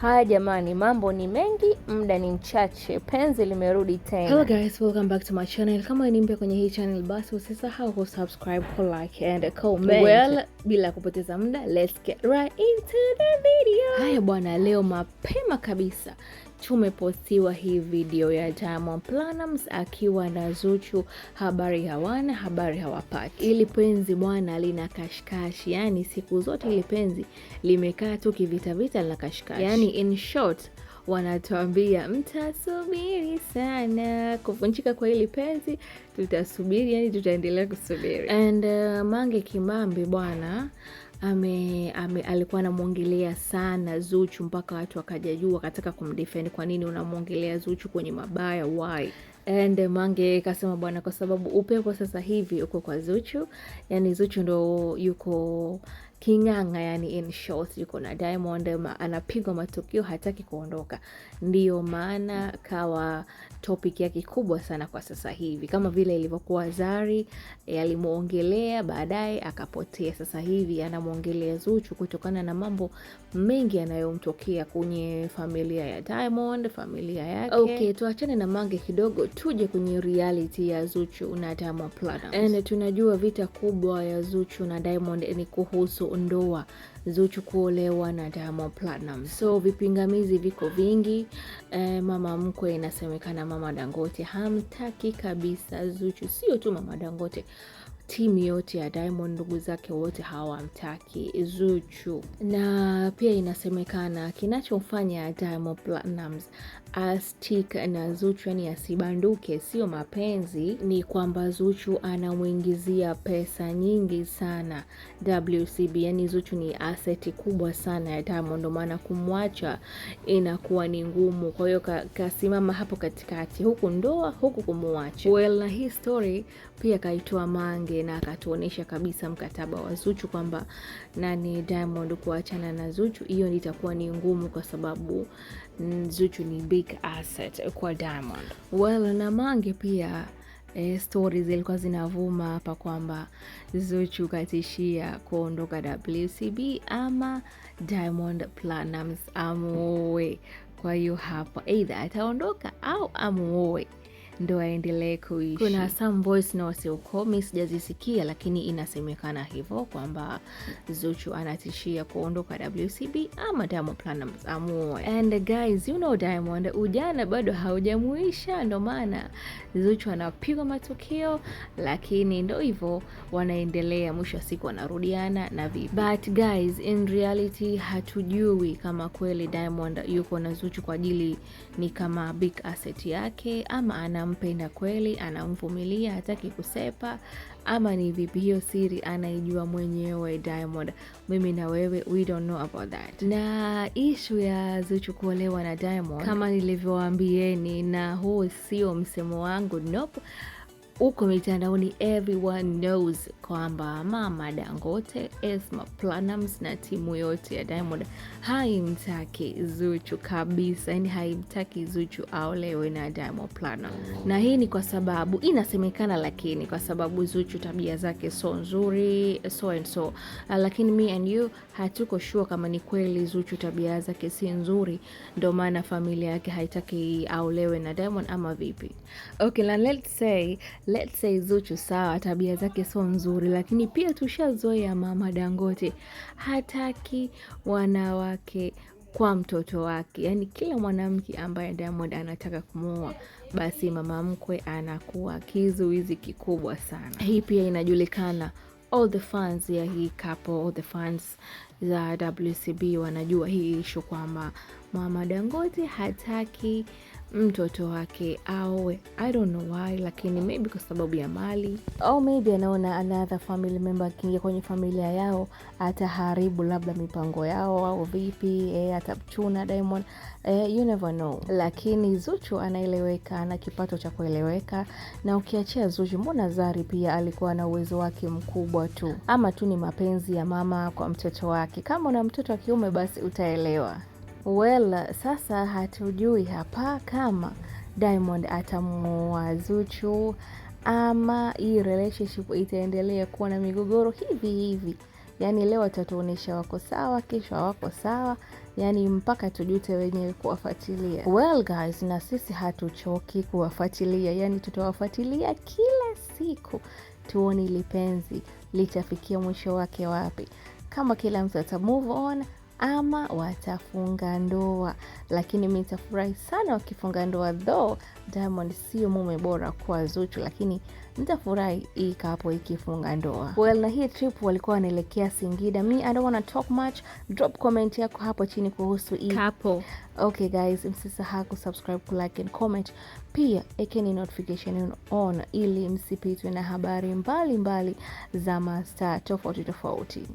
Haya jamani, mambo ni mengi, muda ni mchache, penzi limerudi tena. Hello guys, welcome back to my channel. Kama ni mpya kwenye hii channel, basi usisahau ku subscribe, ku like and comment. Well, bila kupoteza muda, let's get right into the video. Haya bwana, leo mapema kabisa tumepostiwa hii video ya Diamond Platnumz akiwa na Zuchu, habari hawana habari hawapati. Ili penzi bwana lina kashikashi, yani siku zote ili penzi limekaa tu kivitavita na kashikashi, yani in short wanatuambia mtasubiri sana kuvunjika kwa hili penzi, tutasubiri, yani tutaendelea kusubiri. And uh, Mange Kimambi bwana ame, ame alikuwa anamwongelea sana Zuchu mpaka watu wakajajua wakataka kumdefend, kwa nini unamwongelea Zuchu kwenye mabaya why? And Mange kasema bwana, kwa sababu upepo sasa hivi uko kwa Zuchu, yani Zuchu ndo yuko king'ang'a, yani in short, yuko na Diamond ma, anapigwa matukio, hataki kuondoka. Ndiyo maana kawa topic yake kubwa sana kwa sasa hivi, kama vile ilivyokuwa Zari e, alimwongelea baadaye akapotea. Sasa hivi anamwongelea Zuchu kutokana na mambo mengi yanayomtokea kwenye familia ya Diamond, familia yake. Okay, tuachane na mange kidogo, tuje kwenye reality ya Zuchu na Diamond Platnumz. Tunajua vita kubwa ya Zuchu na Diamond ni kuhusu ndoa Zuchu kuolewa na Diamond Platinum. So vipingamizi viko vingi e, mama mkwe inasemekana mama Dangote hamtaki kabisa Zuchu, sio tu mama Dangote timu yote ya Diamond ndugu zake wote hawamtaki Zuchu, na pia inasemekana kinachofanya Diamond Platnumz astik na Zuchu, yani asibanduke, sio mapenzi, ni kwamba Zuchu anamwingizia pesa nyingi sana WCB Zuchu, yani Zuchu ni asset kubwa sana ya Diamond, ndio maana kumwacha inakuwa ni ngumu. Kwa hiyo kasimama ka hapo katikati, huku ndoa, huku kumwacha. Well, na hii story pia kaitoa Mange na akatuonesha kabisa mkataba wa Zuchu kwamba nani Diamond kuachana na Zuchu, hiyo itakuwa ni ngumu kwa sababu Zuchu ni big asset kwa Diamond. Well, na Mange pia eh, stori zilikuwa zinavuma hapa kwamba Zuchu katishia kuondoka WCB ama Diamond Platnumz amuoe. Kwa hiyo hapo aidha ataondoka au amuoe ndo aendelee kuishi. Kuna some voice notes huko, mi sijazisikia, lakini inasemekana hivyo kwamba Zuchu anatishia kuondoka WCB ama Diamond Platnumz amuoe. And guys, you know Diamond ujana bado haujamuisha, ndo maana Zuchu anapigwa matukio, lakini ndo hivyo wanaendelea, mwisho wa siku wanarudiana na vipi. But guys, in reality hatujui kama kweli Diamond yuko na Zuchu kwa ajili ni kama big asset yake ama ana anampenda kweli, anamvumilia, hataki kusepa ama ni vipi? Hiyo siri anaijua mwenyewe Diamond. Mimi na wewe we don't know about that. Na ishu ya Zuchu kuolewa na Diamond, kama nilivyowaambieni, na huu sio msemo wangu nope huko mitandaoni everyone knows kwamba mama Dangote, Esma Platnumz na timu yote ya Diamond haimtaki Zuchu kabisa, yani haimtaki Zuchu aolewe na Diamond Platnumz, na hii ni kwa sababu inasemekana, lakini kwa sababu Zuchu tabia zake so nzuri so and so, ah, lakini me and you hatuko sure kama ni kweli Zuchu tabia zake si nzuri, ndo maana familia yake haitaki aolewe na Diamond ama vipi? Okay, let's say let's say Zuchu sawa, tabia zake sio nzuri, lakini pia tushazoea mama Dangote hataki wanawake kwa mtoto wake, yaani kila mwanamke ambaye Diamond anataka kumuoa basi mama mkwe anakuwa kizuizi kikubwa sana. Hii pia inajulikana all the fans ya hii couple, all the fans za WCB wanajua hii ishu kwamba Mama Dangote hataki mtoto wake awe I don't know why, lakini maybe kwa sababu ya mali au maybe anaona another family member akiingia kwenye familia yao ataharibu labda mipango yao au vipi, eh, atachuna Diamond, eh, you never know. Lakini Zuchu anaeleweka, ana kipato cha kueleweka, na ukiachia Zuchu, mbona Zari pia alikuwa na uwezo wake mkubwa tu, ama tu ni mapenzi ya mama kwa mtoto wake. Kama una mtoto wa kiume, basi utaelewa. Well, sasa hatujui hapa kama Diamond atamuoa Zuchu ama hii relationship itaendelea kuwa na migogoro hivi hivi. Yaani leo atatuonyesha wako sawa, kesho hawako sawa, yaani mpaka tujute wenyewe kuwafuatilia. Well guys, na sisi hatuchoki kuwafuatilia, yaani tutawafuatilia kila siku, tuone lipenzi litafikia mwisho wake wapi, kama kila mtu ata move on ama watafunga ndoa, lakini mi nitafurahi sana wakifunga ndoa. Though Diamond sio mume bora kwa Zuchu, lakini nitafurahi ikapo ikifunga ndoa. Well, na hii trip walikuwa wanaelekea Singida. Mi I don't wanna talk much, drop comment yako hapo chini kuhusu hii couple. Okay guys, msisahau kusubscribe, kulike and comment, pia ekeni notification on ili msipitwe na habari mbalimbali mbali za mastaa tofauti tofauti.